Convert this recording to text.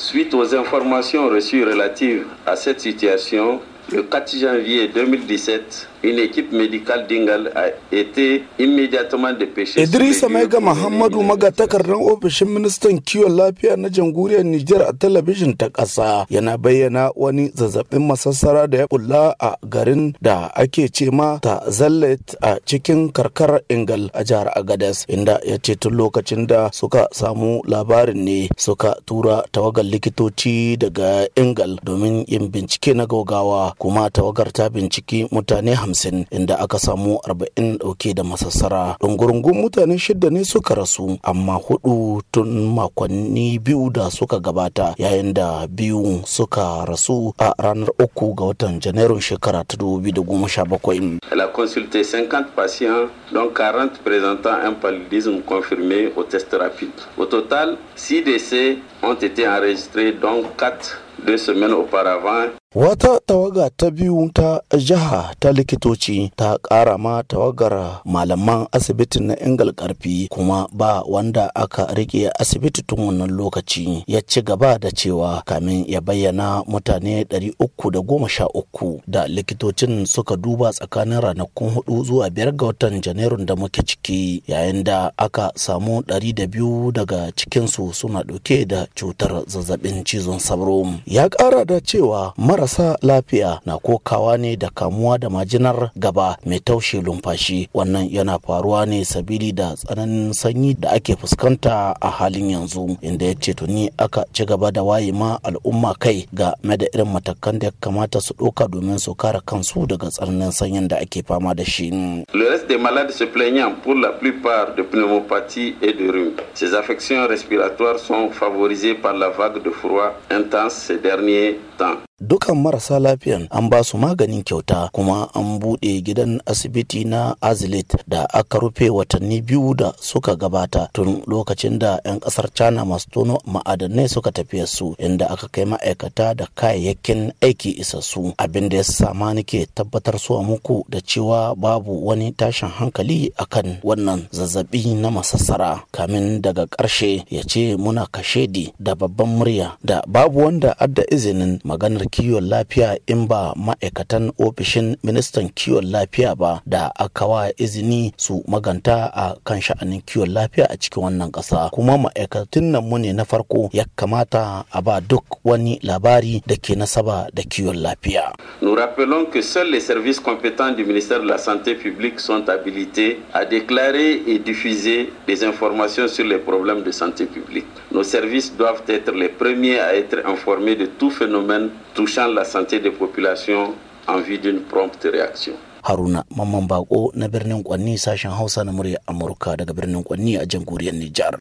Suite aux informations reçues relatives à cette situation, Le 4 janvier 2017, une équipe médicale d'Ingal a été immédiatement dépêchée. Idrissa Maiga Muhammadu magatakardar ofishin ministan kiwon lafiya na jamhuriyar Nijar a talabijin ta ƙasa yana bayyana wani zazzabin masassara da ya bulla a garin da ake ce ma ta Zallet a cikin karkar Ingal a jihar Agadez inda ya ce tun lokacin da suka samu labarin ne suka tura tawagar likitoci daga Ingal domin yin bincike na gaugawa kuma tawagar ta binciki mutane hamsin inda aka samu arba'in dauke da masassara dungurungun mutane shida ne suka rasu amma hudu tun makonni biyu da suka gabata yayin da biyu suka rasu a ranar uku ga watan janairun shekara ta 2017 Elle a consulté 50 patients, dont 40 présentant un paludisme confirmé au test rapide. Au total, six décès ont été enregistrés, dont quatre deux semaines auparavant Wata tawaga ta biyu ta jiha ta likitoci ta ƙara ma tawagar malaman asibitin na Ingal karfi kuma ba wanda aka rike asibiti tun wannan lokaci ya ci gaba da cewa kamin ya bayyana mutane 313 da likitocin suka duba tsakanin ranakun hudu zuwa biyar ga watan Janairun da muke ciki yayin da aka samu 200 daga cikinsu suna ɗauke da cutar zazzabin cizon sauro. Ya ƙara da cewa mara Le reste des malades se plaignant pour la plupart de pneumopathie et de rhume. Ces affections respiratoires sont favorisées par la vague de froid intense ces derniers temps. dukan marasa lafiyan an ba su maganin kyauta kuma an buɗe gidan asibiti na azilit da aka rufe watanni biyu da suka gabata tun lokacin da 'yan ƙasar china masu tono ma'adanai suka tafiya su inda aka kai ma'aikata da kayayyakin aiki isassu abin da ya sama nake tabbatar su a muku da cewa babu wani tashin hankali akan wannan zazzabi na masassara kamin daga ƙarshe ya ce muna kashedi da babban murya da babu wanda adda izinin maganar kiwon lafiya in ba ma'aikatan ofishin ministan kiwon lafiya ba da aka wa izini su maganta a kan sha'anin kiwon lafiya a cikin wannan ƙasa kuma ma'aikatun nan mu ne na farko ya kamata a ba duk wani labari da ke nasaba da kiwon lafiya. Nous rappelons que seuls les services compétents du ministère de la Santé publique sont habilités à déclarer et diffuser les informations sur les problèmes de santé publique. Nos services doivent être les premiers à être informés de tout phénomène touchant la santé des populations en vue d'une prompte réaction. Haruna Mamman Bako na birnin Kwanni sashen Hausa na murya Amurka daga birnin Kwanni a jamhuriyar Nijar.